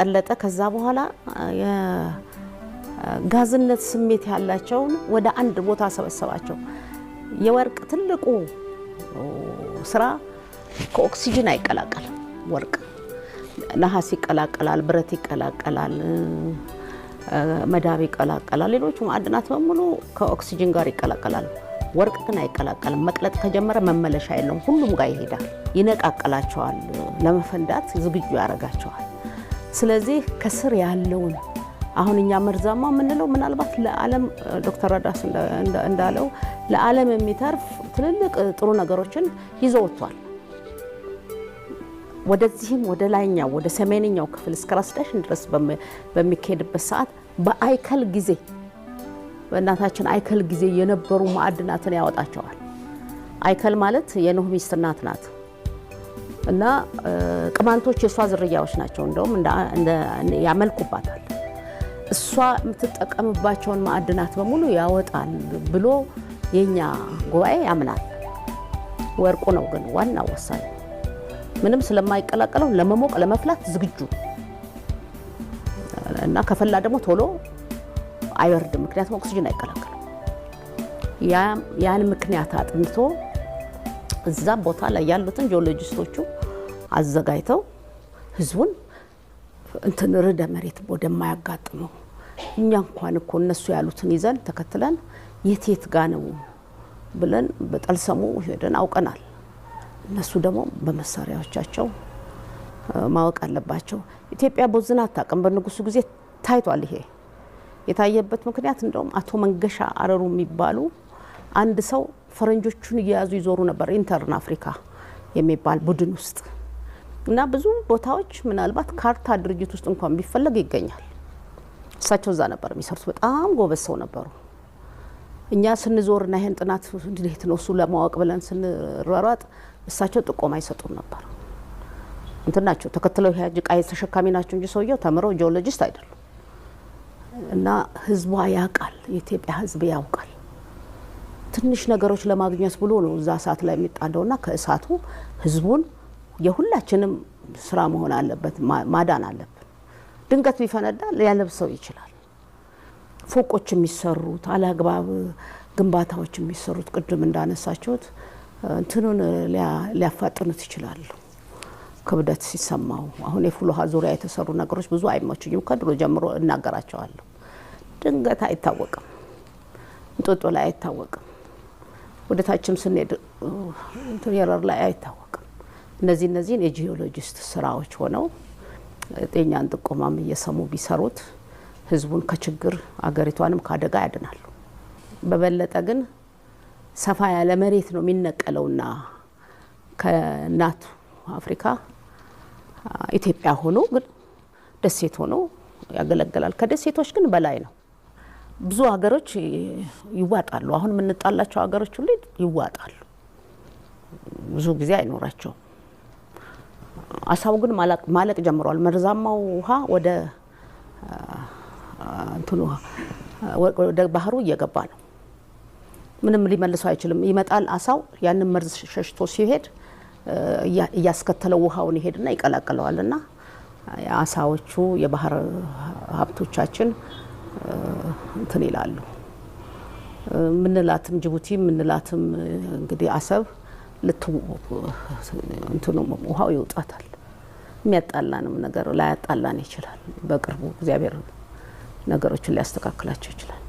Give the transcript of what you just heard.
ቀለጠ። ከዛ በኋላ የጋዝነት ስሜት ያላቸውን ወደ አንድ ቦታ ሰበሰባቸው። የወርቅ ትልቁ ስራ ከኦክሲጅን አይቀላቀልም። ወርቅ ነሐስ ይቀላቀላል፣ ብረት ይቀላቀላል፣ መዳብ ይቀላቀላል። ሌሎች ማዕድናት በሙሉ ከኦክሲጅን ጋር ይቀላቀላሉ። ወርቅ ግን አይቀላቀልም። መቅለጥ ከጀመረ መመለሻ የለውም። ሁሉም ጋር ይሄዳል፣ ይነቃቀላቸዋል፣ ለመፈንዳት ዝግጁ ያደርጋቸዋል። ስለዚህ ከስር ያለውን አሁን እኛ መርዛማ የምንለው ምናልባት ለዓለም ዶክተር ረዳስ እንዳለው ለዓለም የሚተርፍ ትልልቅ ጥሩ ነገሮችን ይዞ ወጥቷል። ወደዚህም ወደ ላይኛው ወደ ሰሜንኛው ክፍል እስከ ራስ ዳሽን ድረስ በሚካሄድበት ሰዓት በአይከል ጊዜ በእናታችን አይከል ጊዜ የነበሩ ማዕድናትን ያወጣቸዋል። አይከል ማለት የኖህ ሚስት እናት ናት። እና ቅማንቶች የእሷ ዝርያዎች ናቸው። እንደውም ያመልኩባታል። እሷ የምትጠቀምባቸውን ማዕድናት በሙሉ ያወጣል ብሎ የኛ ጉባኤ ያምናል። ወርቁ ነው ግን ዋና ወሳኝ፣ ምንም ስለማይቀላቀለው ለመሞቅ ለመፍላት ዝግጁ እና ከፈላ ደግሞ ቶሎ አይወርድም፣ ምክንያቱም ኦክስጅን አይቀላቀልም። ያን ምክንያት አጥንቶ እዛ ቦታ ላይ ያሉትን ጂኦሎጂስቶቹ አዘጋጅተው ህዝቡን እንትን ርዕደ መሬት ወደማያጋጥመው እኛ እንኳን እኮ እነሱ ያሉትን ይዘን ተከትለን የት የት ጋ ነው ብለን በጠልሰሙ ሄደን አውቀናል። እነሱ ደግሞ በመሳሪያዎቻቸው ማወቅ አለባቸው። ኢትዮጵያ ቦዝና አታውቅም። በንጉሱ ጊዜ ታይቷል። ይሄ የታየበት ምክንያት እንደውም አቶ መንገሻ አረሩ የሚባሉ አንድ ሰው ፈረንጆቹን እየያዙ ይዞሩ ነበር ኢንተርን አፍሪካ የሚባል ቡድን ውስጥ እና ብዙ ቦታዎች ምናልባት ካርታ ድርጅት ውስጥ እንኳን ቢፈለግ ይገኛል። እሳቸው እዛ ነበር የሚሰሩት። በጣም ጎበዝ ሰው ነበሩ። እኛ ስንዞርና ይሄን ጥናት እንዴት ነው እሱ ለማወቅ ብለን ስንሯሯጥ እሳቸው ጥቆማ አይሰጡም ነበር። እንትን ናቸው ተከትለው ያጅ ጭቃ ተሸካሚ ናቸው እንጂ ሰውየው ተምረው ጂኦሎጂስት አይደሉም። እና ህዝቧ ያውቃል፣ የኢትዮጵያ ህዝብ ያውቃል። ትንሽ ነገሮች ለማግኘት ብሎ ነው እዛ እሳት ላይ የሚጣደውና ከእሳቱ ህዝቡን የሁላችንም ስራ መሆን አለበት፣ ማዳን አለብን። ድንገት ቢፈነዳ ሊያለብሰው ይችላል። ፎቆች የሚሰሩት አለአግባብ ግንባታዎች የሚሰሩት ቅድም እንዳነሳችሁት እንትኑን ሊያፋጥኑት ይችላሉ። ክብደት ሲሰማው አሁን የፍልውሃ ዙሪያ የተሰሩ ነገሮች ብዙ አይመችኝም። ከድሮ ጀምሮ እናገራቸዋለሁ። ድንገት አይታወቅም፣ እንጦጦ ላይ አይታወቅም። ወደ ታችም ስንሄድ የረር ላይ አይታወቅም። እነዚህ እነዚህን የጂኦሎጂስት ስራዎች ሆነው ጤናን ጥቆማም እየሰሙ ቢሰሩት ህዝቡን ከችግር አገሪቷንም ከአደጋ ያድናሉ። በበለጠ ግን ሰፋ ያለ መሬት ነው የሚነቀለውና ከእናቱ አፍሪካ ኢትዮጵያ ሆኖ ግን ደሴት ሆኖ ያገለግላል። ከደሴቶች ግን በላይ ነው። ብዙ ሀገሮች ይዋጣሉ። አሁን የምንጣላቸው ሀገሮች ሁሉ ይዋጣሉ። ብዙ ጊዜ አይኖራቸውም። አሳው ግን ማለቅ ጀምሯል። መርዛማው ውሃ ወደ እንትኑ ወደ ባህሩ እየገባ ነው። ምንም ሊመልሰው አይችልም። ይመጣል አሳው ያንን መርዝ ሸሽቶ ሲሄድ እያስከተለው ውሃውን ይሄድና ይቀላቅለዋል። እና አሳዎቹ የባህር ሀብቶቻችን እንትን ይላሉ። ምንላትም ጅቡቲ ምንላትም እንግዲህ አሰብ ልት እንትኑ ውሃው ይውጣታል። የሚያጣላንም ነገር ላያጣላን ይችላል። በቅርቡ እግዚአብሔር ነገሮችን ሊያስተካክላቸው ይችላል።